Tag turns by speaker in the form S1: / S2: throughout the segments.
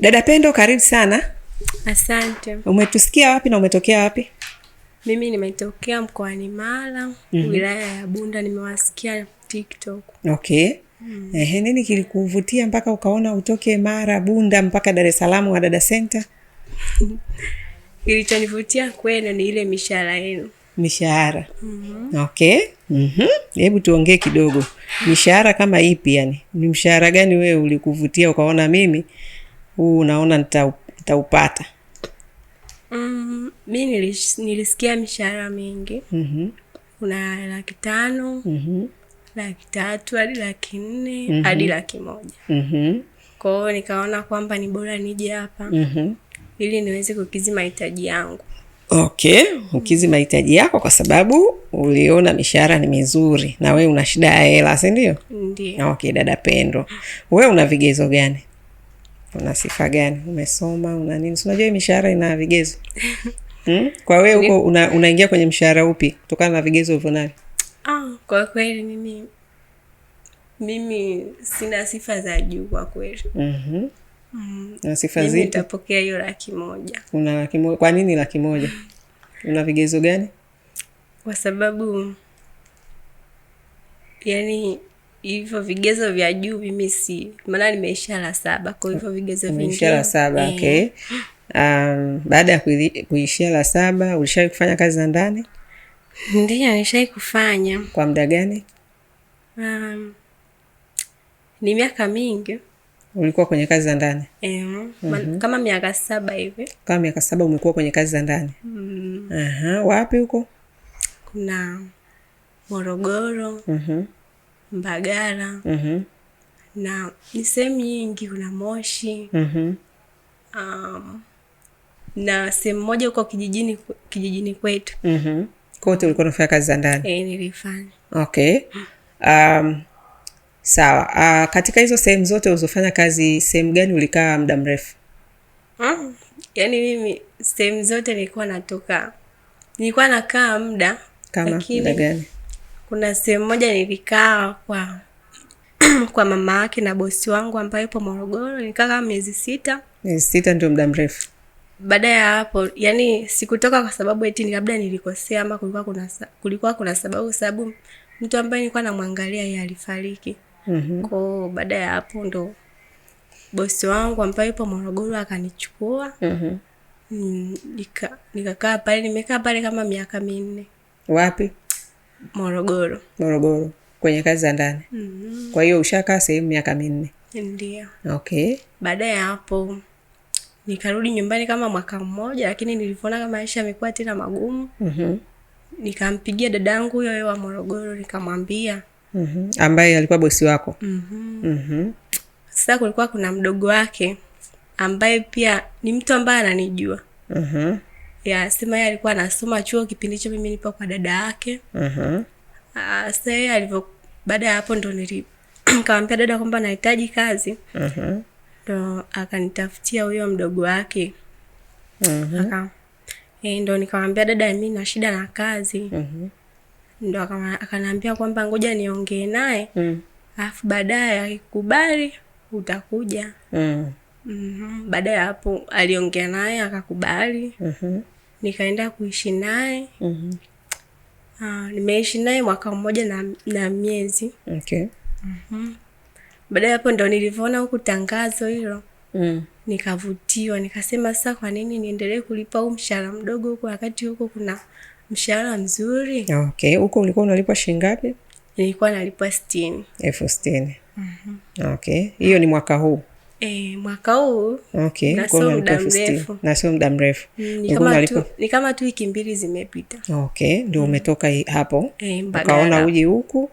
S1: Dada Pendo, karibu sana.
S2: Asante.
S1: Umetusikia wapi na umetokea wapi?
S2: Mimi nimetokea mkoani Mara, mm wilaya ya Bunda. Nimewasikia TikTok.
S1: Okay. Mm. Ehe, nini kilikuvutia mpaka ukaona utoke Mara Bunda mpaka Dar es Salaam Dada Center?
S2: Kilichonivutia kwenu ni ile mishahara yenu.
S1: Mishahara. mm -hmm. Okay. mm -hmm. Hebu tuongee kidogo, mishahara kama ipi? Yani ni mshahara gani wewe ulikuvutia ukaona mimi huu unaona nitaupata?
S2: Mm, mi nilisikia mishahara mingi mm -hmm. Kuna laki tano mm -hmm. laki tatu hadi laki nne mm hadi laki moja mm -hmm. kwahio nikaona kwamba ni bora nije hapa mm -hmm. ili niweze kukizi mahitaji yangu.
S1: Okay, ukizi mm-hmm. mahitaji yako kwa sababu uliona mishahara ni mizuri na we una shida ya hela, si ndio?
S2: Ndio.
S1: Okay, dada pendwa we una vigezo gani? una sifa gani, umesoma, una nini? Unajua hii mishahara ina vigezo hmm? Kwa wewe huko una, unaingia kwenye mshahara upi kutokana na vigezo ulivyo navyo?
S2: Ah, kwa kweli mimi mimi sina sifa za juu kwa kweli. mm-hmm. mm.
S1: na sifa zipi?
S2: Nitapokea hiyo laki moja.
S1: Una laki moja? Kwa nini laki moja? una vigezo gani?
S2: Kwa sababu yani hivyo vigezo vya juu mimi si maana nimeisha la saba kwa hivyo vigezo vingimeisha
S1: la saba e. okay um, baada ya kuishia la saba ulishawai kufanya kazi za ndani
S2: ndio nishawai kufanya
S1: kwa muda gani
S2: um, ni miaka mingi
S1: ulikuwa kwenye kazi za ndani
S2: e, mm-hmm. kama miaka saba hivi
S1: kama miaka saba umekuwa kwenye kazi za ndani
S2: mm.
S1: Aha, wapi huko
S2: kuna morogoro mm-hmm Mbagala mm-hmm. na ni sehemu nyingi, kuna Moshi mm-hmm. um, na sehemu moja huko kijijini kijijini kwetu
S1: mm-hmm. kote ulikuwa unafanya kazi za ndani?
S2: E, nilifanya.
S1: Okay. um, sawa. Uh, katika hizo sehemu zote ulizofanya kazi, sehemu gani ulikaa muda mrefu?
S2: mm. Yani mimi sehemu zote nilikuwa natoka, nilikuwa nakaa muda
S1: kama muda gani?
S2: kuna sehemu moja nilikaa kwa kwa mama yake na bosi wangu ambaye yupo Morogoro, nikaa kama miezi sita.
S1: Miezi sita ndio muda mrefu.
S2: Baada ya hapo, yani sikutoka kwa sababu eti labda nilikosea ama kulikuwa kuna kulikuwa kuna sababu, sababu mtu ambaye nilikuwa namwangalia yeye alifariki. Mm-hmm. Kwao baada ya hapo ndo bosi wangu ambaye yupo Morogoro akanichukua. Mm-hmm. Nikakaa nika pale nimekaa pale kama miaka minne. Wapi? Morogoro.
S1: Morogoro kwenye kazi za ndani. mm-hmm. Kwa hiyo ushakaa sehemu miaka minne? Ndio. Okay.
S2: Baada ya hapo nikarudi nyumbani kama mwaka mmoja, lakini nilivyoona kama maisha yamekuwa tena magumu. mm-hmm. Nikampigia dadangu huyo huyo wa Morogoro nikamwambia.
S1: mm-hmm. ambaye alikuwa bosi wako?
S2: mm-hmm. mm-hmm. Sasa kulikuwa kuna mdogo wake ambaye pia ni mtu ambaye ananijua. mm-hmm sema yeye alikuwa anasoma chuo kipindi hicho, mimi nipo kwa dada yake. uh-huh. Sasa yeye alivyo, baada ya hapo ndo kawambia dada kwamba nahitaji kazi. uh-huh. Ndo akanitafutia huyo mdogo wake. uh-huh. Aka, e, ndo nikawambia dada, mi na shida na kazi. uh-huh. Ndo akanaambia kwamba ngoja niongee naye, mm. alafu baadaye akikubali utakuja. -huh. Mm. Mm -hmm. Baada ya hapo aliongea naye akakubali. mm -hmm. Nikaenda kuishi naye. mm -hmm. nimeishi naye mwaka mmoja na, na miezi. okay. mm -hmm. Baada ya hapo ndo nilivyoona huku tangazo hilo. mm. Nikavutiwa, nikasema sasa, kwa nini niendelee kulipa huu mshahara mdogo huku wakati huko kuna mshahara mzuri?
S1: Okay, huko ulikuwa unalipwa shilingi ngapi?
S2: Nilikuwa nalipwa sitini
S1: elfu sitini. mm -hmm. Okay, hiyo ni mwaka huu
S2: E, mwaka huu okay, na sio muda mrefu,
S1: na sio muda mrefu
S2: mm, ni kama tu wiki mbili zimepita.
S1: Okay, ndio mm. umetoka mm. hapo
S2: e, ukaona
S1: uji huku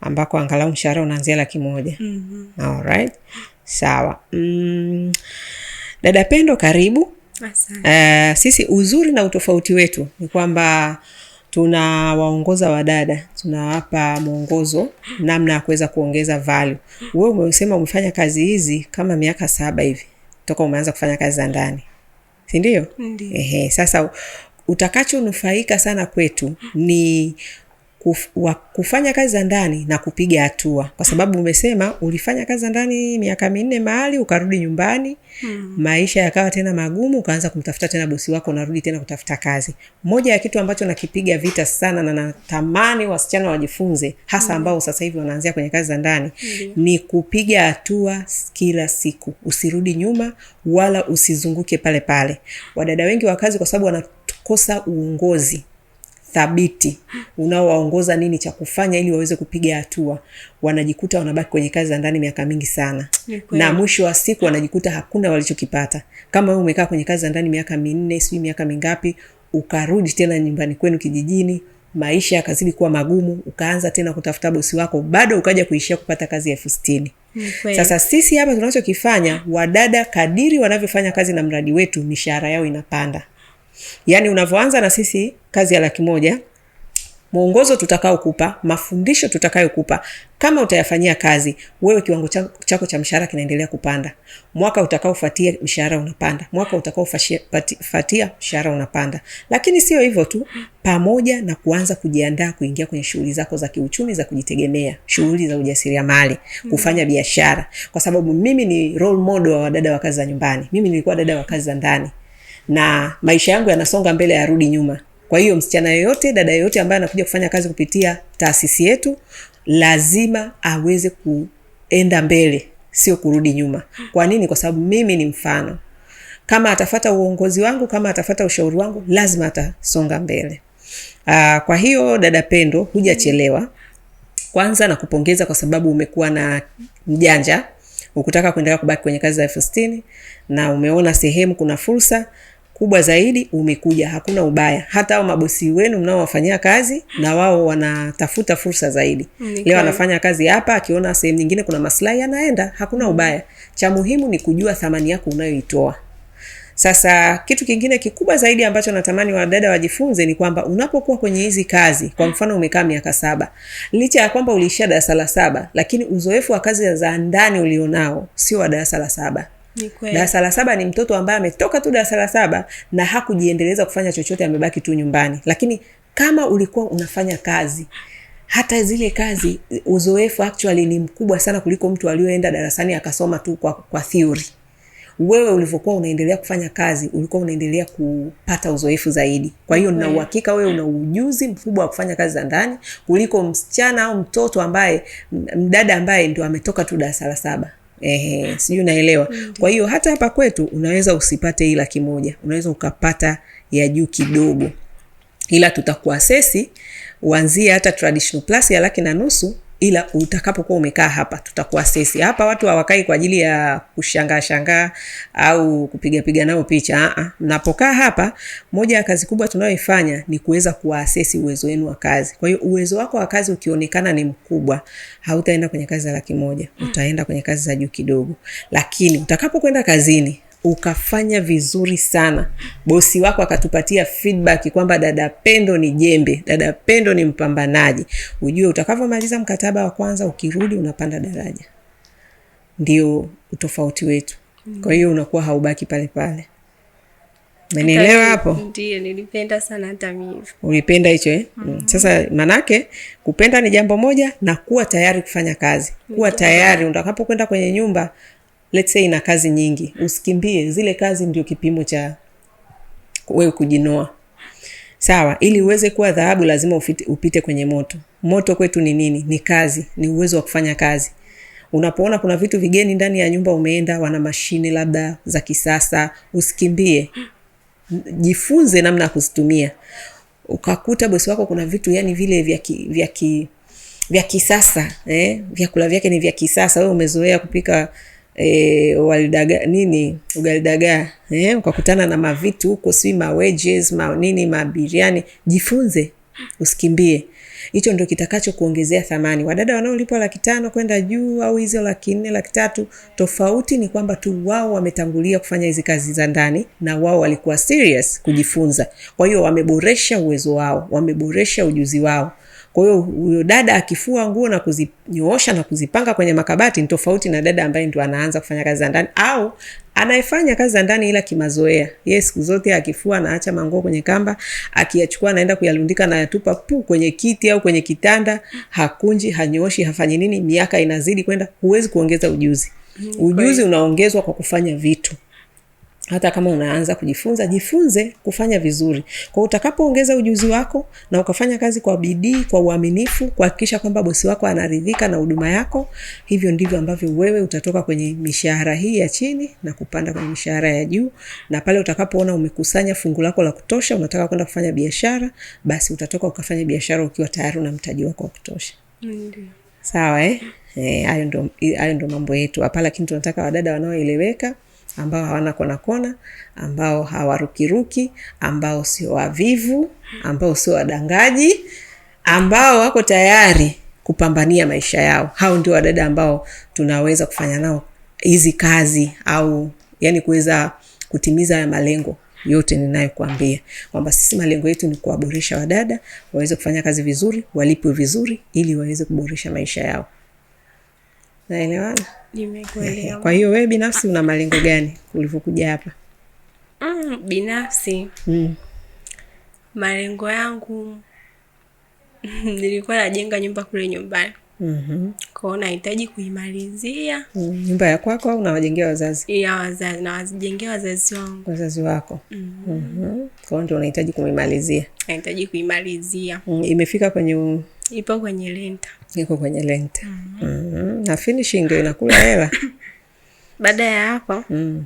S1: ambako angalau mshahara unaanzia laki moja. mm -hmm. Alright, sawa mm. Dada Pendo, karibu. Asante. Uh, sisi uzuri na utofauti wetu ni kwamba tunawaongoza wadada, tunawapa mwongozo namna ya kuweza kuongeza valu we umesema umefanya kazi hizi kama miaka saba hivi toka umeanza kufanya kazi za ndani, sindio sasa utakachonufaika sana kwetu ni kuf, wa, kufanya kazi za ndani na kupiga hatua, kwa sababu umesema ulifanya kazi za ndani miaka minne mahali ukarudi nyumbani
S2: hmm. maisha yakawa tena magumu, ukaanza kumtafuta tena bosi wako, unarudi tena kutafuta kazi.
S1: Moja ya kitu ambacho nakipiga vita sana na natamani wasichana wajifunze, hasa hmm. ambao sasa hivi wanaanzia kwenye kazi za ndani
S2: hmm. ni
S1: kupiga hatua kila siku, usirudi nyuma wala usizunguke pale pale. Wadada wengi wa kazi, kwa sababu wanakosa uongozi thabiti unaowaongoza nini cha kufanya ili waweze kupiga hatua, wanajikuta wanabaki kwenye kazi za ndani miaka mingi sana na mwisho wa siku wanajikuta hakuna walichokipata. Kama wewe umekaa kwenye kazi za ndani miaka minne, sijui miaka mingapi, ukarudi tena nyumbani kwenu kijijini, maisha yakazidi kuwa magumu, ukaanza tena kutafuta bosi wako, bado ukaja kuishia kupata kazi ya elfu sitini. Sasa sisi hapa tunachokifanya, wadada kadiri wanavyofanya kazi na mradi wetu, mishahara yao inapanda Yaani unavyoanza na sisi kazi ya laki moja, mwongozo tutakaokupa, mafundisho tutakayokupa, kama utayafanyia kazi, wewe kiwango chako cha mshahara kinaendelea kupanda. Mwaka utakaofuatia mshahara unapanda, mwaka utakaofuatia mshahara unapanda. Lakini sio hivyo tu, pamoja na kuanza kujiandaa kuingia kwenye shughuli zako za kiuchumi za kujitegemea, shughuli za ujasiriamali, mm. kufanya biashara, kwa sababu mimi ni role model wa wadada wa kazi za nyumbani. Mimi nilikuwa dada wa kazi za ndani na maisha yangu yanasonga mbele, yarudi nyuma. Kwa hiyo msichana yoyote, dada yoyote ambaye anakuja kufanya kazi kupitia taasisi yetu lazima aweze kuenda mbele, sio kurudi nyuma. Kwa nini? Kwa sababu mimi ni mfano. Kama atafata uongozi wangu, kama atafata ushauri wangu, lazima atasonga mbele. Aa, ah, kwa hiyo dada Pendo, hujachelewa. Kwanza nakupongeza kwa sababu umekuwa na mjanja ukutaka kuendelea kubaki kwenye kazi za elfu na umeona sehemu kuna fursa kubwa zaidi umekuja, hakuna ubaya. Hata hao mabosi wenu mnaowafanyia kazi, na wao wanatafuta fursa zaidi. Okay. Mm, Leo anafanya kazi hapa, akiona sehemu nyingine kuna maslahi anaenda, hakuna mm. ubaya. Cha muhimu ni kujua thamani yako unayoitoa. Sasa kitu kingine kikubwa zaidi ambacho natamani wadada wajifunze ni kwamba unapokuwa kwenye hizi kazi, kwa mfano umekaa miaka saba, licha ya kwamba uliishia darasa la saba, lakini uzoefu wa kazi za ndani ulionao sio wa darasa la saba. Darasa la saba ni mtoto ambaye ametoka tu darasa la saba na hakujiendeleza kufanya chochote, amebaki tu nyumbani. Lakini kama ulikuwa unafanya kazi hata zile kazi, uzoefu actually ni mkubwa sana kuliko mtu alioenda darasani akasoma tu kwa, kwa theory. Wewe ulivyokuwa unaendelea kufanya kazi ulikuwa unaendelea kupata uzoefu zaidi. Kwa hiyo na uhakika wewe una ujuzi mkubwa wa kufanya kazi za ndani kuliko msichana au mtoto ambaye, mdada ambaye ndio ametoka tu darasa la saba. Ehe, sijui unaelewa. Kwa hiyo hata hapa kwetu unaweza usipate hii laki moja, unaweza ukapata ya juu kidogo, ila tutakuasesi uanzie hata traditional plus ya laki na nusu ila utakapokuwa umekaa hapa tutakuasesi hapa. Watu hawakai kwa ajili ya kushangaa shangaa au kupigapiga nao picha. Aa, mnapokaa hapa, moja ya kazi kubwa tunayoifanya ni kuweza kuwaasesi uwezo wenu wa kazi. Kwa hiyo uwezo wako wa kazi ukionekana ni mkubwa, hautaenda kwenye kazi za laki moja, mm. utaenda kwenye kazi za juu kidogo, lakini utakapokwenda kazini ukafanya vizuri sana, bosi wako akatupatia feedback kwamba dada Pendo ni jembe, dada Pendo ni mpambanaji, ujue utakavyomaliza mkataba wa kwanza, ukirudi unapanda daraja. Ndio utofauti wetu. Kwa hiyo unakuwa haubaki pale pale. Umenielewa hapo?
S2: Ndiyo, nilipenda sana hata mimi.
S1: Ulipenda hicho eh? Mm. Mm-hmm. Sasa manake kupenda ni jambo moja na kuwa tayari kufanya kazi. Kuwa tayari utakapokwenda kwenye nyumba let's say ina kazi nyingi, usikimbie zile kazi. Ndio kipimo cha wewe kujinoa, sawa. Ili uweze kuwa dhahabu, lazima ufite, upite kwenye moto. Moto kwetu ni nini? Ni kazi, ni uwezo wa kufanya kazi. Unapoona kuna vitu vigeni ndani ya nyumba, umeenda wana mashine labda za kisasa, usikimbie, jifunze namna ya kuzitumia. Ukakuta bosi wako kuna vitu yani vile vya vya vya kisasa eh, vyakula vyake ni vya kisasa, wewe umezoea kupika E, walidaga nini ugali eh, ukakutana na mavitu huko, sijui ma ma nini mabiriani. Jifunze, usikimbie. Hicho ndo kitakacho kuongezea thamani. Wadada wanaolipwa laki tano kwenda juu au hizo laki nne laki tatu, tofauti ni kwamba tu wao wametangulia kufanya hizi kazi za ndani na wao walikuwa serious kujifunza, kwa hiyo wameboresha uwezo wao, wameboresha ujuzi wao kwa hiyo huyo dada akifua nguo na kuzinyoosha na kuzipanga kwenye makabati ni tofauti na dada ambaye ndo anaanza kufanya kazi za ndani au anayefanya kazi za ndani ila kimazoea. ye siku zote akifua anaacha manguo kwenye kamba, akiyachukua anaenda kuyalundika na yatupa pu kwenye kiti au kwenye kitanda, hakunji, hanyooshi, hafanyi nini. Miaka inazidi kwenda, huwezi kuongeza ujuzi. Mm, ujuzi unaongezwa kwa kufanya vitu hata kama unaanza kujifunza, jifunze kufanya vizuri. Kwa utakapoongeza ujuzi wako na ukafanya kazi kwa bidii, kwa uaminifu, kuhakikisha kwamba bosi wako anaridhika na huduma yako, hivyo ndivyo ambavyo wewe utatoka kwenye mishahara hii ya chini na kupanda kwenye mishahara ya juu. Na pale utakapoona umekusanya fungu lako la kutosha, unataka kwenda kufanya biashara, basi utatoka ukafanya biashara ukiwa tayari una mtaji wako wa kutosha. Ndiyo. Sawa eh? Eh, hayo ndo mambo yetu hapa, lakini tunataka wadada wanaoeleweka ambao hawana kona kona, ambao hawarukiruki, ambao sio wavivu, ambao sio wadangaji, ambao wako tayari kupambania maisha yao. Hao ndio wadada ambao tunaweza kufanya nao hizi kazi au yani kuweza kutimiza haya malengo yote ninayokuambia kwamba sisi malengo yetu ni kuwaboresha wadada waweze kufanya kazi vizuri, walipwe vizuri, ili waweze kuboresha maisha yao. Naelewana?
S2: Nimekuelewa.
S1: Kwa hiyo wewe binafsi una malengo gani ulivyokuja hapa?
S2: Mm, binafsi mm. Malengo yangu nilikuwa najenga nyumba kule nyumbani
S1: mm -hmm.
S2: Kwao nahitaji kuimalizia
S1: mm. Nyumba ya kwako au unawajengea wazazi?
S2: Ya wazazi, nawajengea wazazi wangu.
S1: Wazazi wako mm -hmm. Mm -hmm. Kwao ndio unahitaji kuimalizia?
S2: Nahitaji kuimalizia
S1: mm. Imefika kwenye
S2: Ipo kwenye lenta.
S1: Iko kwenye lenta. mm -hmm. Mm -hmm. Na finishing ndio inakula hela
S2: baada ya hapo mm.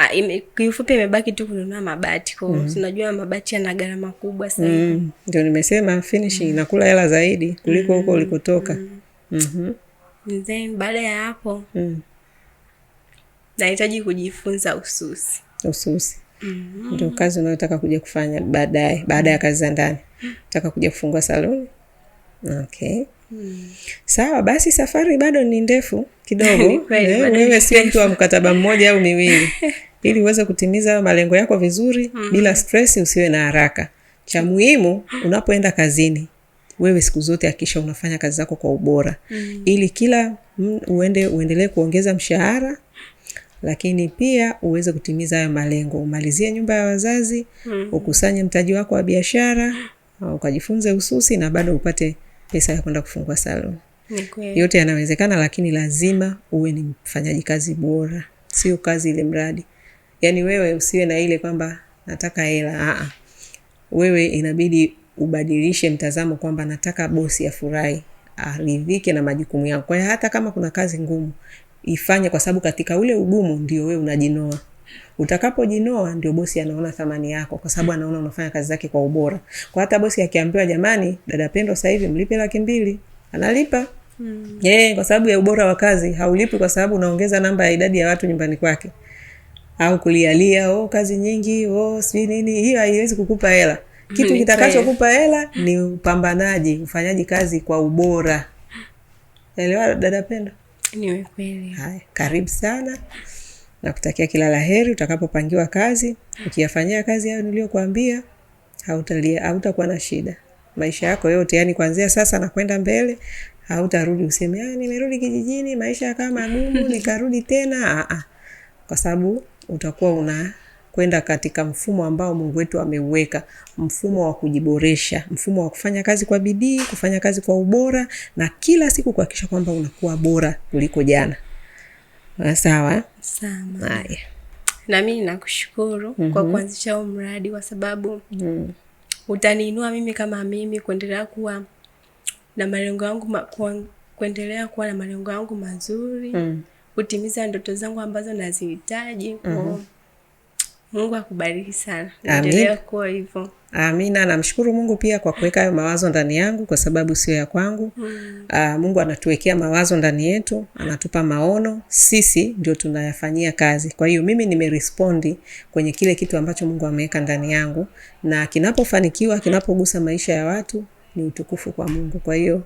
S2: Ah, ime, kiufupi imebaki tu kununua mabati kwa mm. Unajua mabati yana gharama kubwa sana mm.
S1: Ndio nimesema finishing mm. inakula hela zaidi kuliko huko mm. ulikotoka mm. mm
S2: -hmm. baada ya hapo mm. nahitaji kujifunza ususi. Ususi mm-hmm.
S1: Ndio kazi unayotaka kuja kufanya baadaye, baada ya kazi za ndani nataka kuja kufungua saluni okay. Hmm. Sawa basi, safari bado ni ndefu kidogo. Eh, wewe sio mtu wa mkataba mmoja au miwili, ili uweze kutimiza malengo yako vizuri mm -hmm. Bila stress, usiwe na haraka. Cha muhimu unapoenda kazini, wewe siku zote akisha unafanya kazi zako kwa ubora mm -hmm. Ili kila uende uendelee kuongeza mshahara lakini pia uweze kutimiza hayo malengo, umalizie nyumba ya wazazi
S2: mm. ukusanye mtaji wako wa biashara,
S1: ukajifunze ususi na bado upate pesa ya kwenda kufungua salon. Okay. Yote yanawezekana, lakini lazima uwe ni mfanyaji kazi bora, sio kazi ile mradi. Yani wewe usiwe na ile kwamba nataka hela Aa, wewe inabidi ubadilishe mtazamo kwamba nataka bosi afurahi, aridhike na majukumu yako. Kwa hiyo hata kama kuna kazi ngumu, ifanye, kwa sababu katika ule ugumu ndio wewe unajinoa. Utakapojinoa ndio bosi anaona thamani yako, kwa sababu anaona unafanya kazi zake kwa ubora. Kwa hata bosi akiambiwa, jamani, dada Pendo sasa hivi mlipe laki mbili, analipa mm. Yeah, kwa sababu ya ubora wa kazi. Haulipi kwa sababu unaongeza namba ya idadi ya watu nyumbani kwake au kulialia, oh, kazi nyingi, oh, sijui nini. Hiyo haiwezi kukupa hela. Kitu kitakachokupa hela ni upambanaji, ufanyaji kazi kwa ubora. Elewa dada Pendo
S2: niwe kweli.
S1: Haya, karibu sana na kutakia kila la heri utakapopangiwa kazi. Ukiyafanyia kazi hayo niliyokuambia, hautalia, hautakuwa na shida maisha yako yote, yani kuanzia sasa na kwenda mbele hautarudi useme ah, nimerudi kijijini maisha yakawa magumu nikarudi tena. Aa, kwa sababu utakuwa una kwenda katika mfumo ambao Mungu wetu ameuweka, mfumo wa kujiboresha, mfumo wa kufanya kazi kwa bidii, kufanya kazi kwa ubora na kila siku kuhakikisha kwamba unakuwa bora kuliko jana. Ah, sawa, haya,
S2: na mimi nakushukuru mm -hmm. kwa mhm. kuanzisha huu mradi kwa sababu mm. utaniinua mimi kama mimi kuendelea kuwa na malengo yangu kuendelea kuwa na malengo yangu mazuri mm. kutimiza ndoto zangu ambazo nazihitaji mm -hmm. Mungu akubariki sana. Endelea kuwa hivyo.
S1: Amina. Namshukuru Mungu pia kwa kuweka hayo mawazo ndani yangu, kwa sababu sio ya kwangu. Mm. Aa, ah, Mungu anatuwekea mawazo ndani yetu, anatupa maono, sisi ndio tunayafanyia kazi. Kwa hiyo mimi nimerespondi kwenye kile kitu ambacho Mungu ameweka ndani yangu, na kinapofanikiwa, kinapogusa maisha ya watu ni utukufu kwa Mungu. Kwa hiyo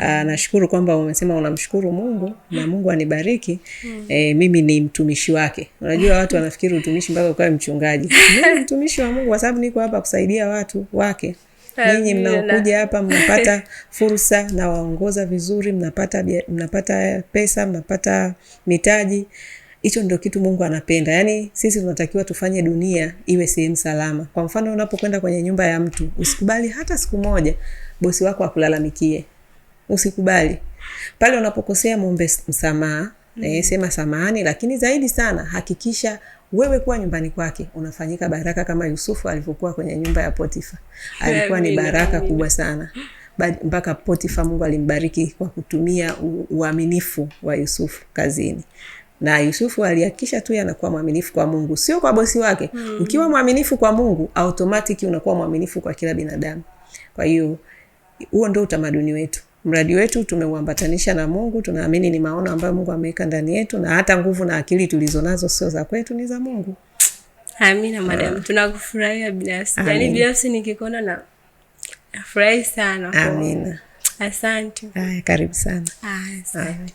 S1: uh, nashukuru kwamba umesema unamshukuru Mungu na Mungu anibariki. Mm. E, mimi ni mtumishi wake. Unajua watu wanafikiri utumishi mpaka ukawe mchungaji. Mimi mtumishi wa Mungu kwa sababu niko hapa kusaidia watu wake. Ninyi mnaokuja hapa mnapata fursa nawaongoza vizuri, mnapata mnapata pesa, mnapata mitaji hicho ndio kitu Mungu anapenda. Yaani sisi tunatakiwa tufanye dunia iwe sehemu salama. Kwa mfano, unapokwenda kwenye nyumba ya mtu, usikubali hata siku moja bosi wako akulalamikie. Usikubali. Pale unapokosea muombe msamaha, mm. Eh, sema samahani, lakini zaidi sana hakikisha wewe kuwa nyumbani kwake unafanyika baraka kama Yusufu alivyokuwa kwenye nyumba ya Potifa. Alikuwa ni baraka kubwa sana mpaka Potifa Mungu alimbariki kwa kutumia uaminifu wa Yusufu kazini na Yusufu alihakikisha tu anakuwa mwaminifu kwa Mungu, sio kwa bosi wake mm. Ukiwa mwaminifu kwa Mungu automatic unakuwa mwaminifu kwa kila binadamu. Kwa hiyo huo ndo utamaduni wetu, mradi wetu tumeuambatanisha na Mungu. Tunaamini ni maono ambayo Mungu ameweka ndani yetu, na hata nguvu na akili tulizonazo sio za kwetu, ni za Mungu.
S2: Amina madam, ah. tunakufurahia binafsi, yaani binafsi nikikona na nafurahi sana.
S1: Amina,
S2: asante. karibu sana. Asante.